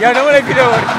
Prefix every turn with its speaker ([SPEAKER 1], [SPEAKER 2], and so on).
[SPEAKER 1] yow dama lay vidéo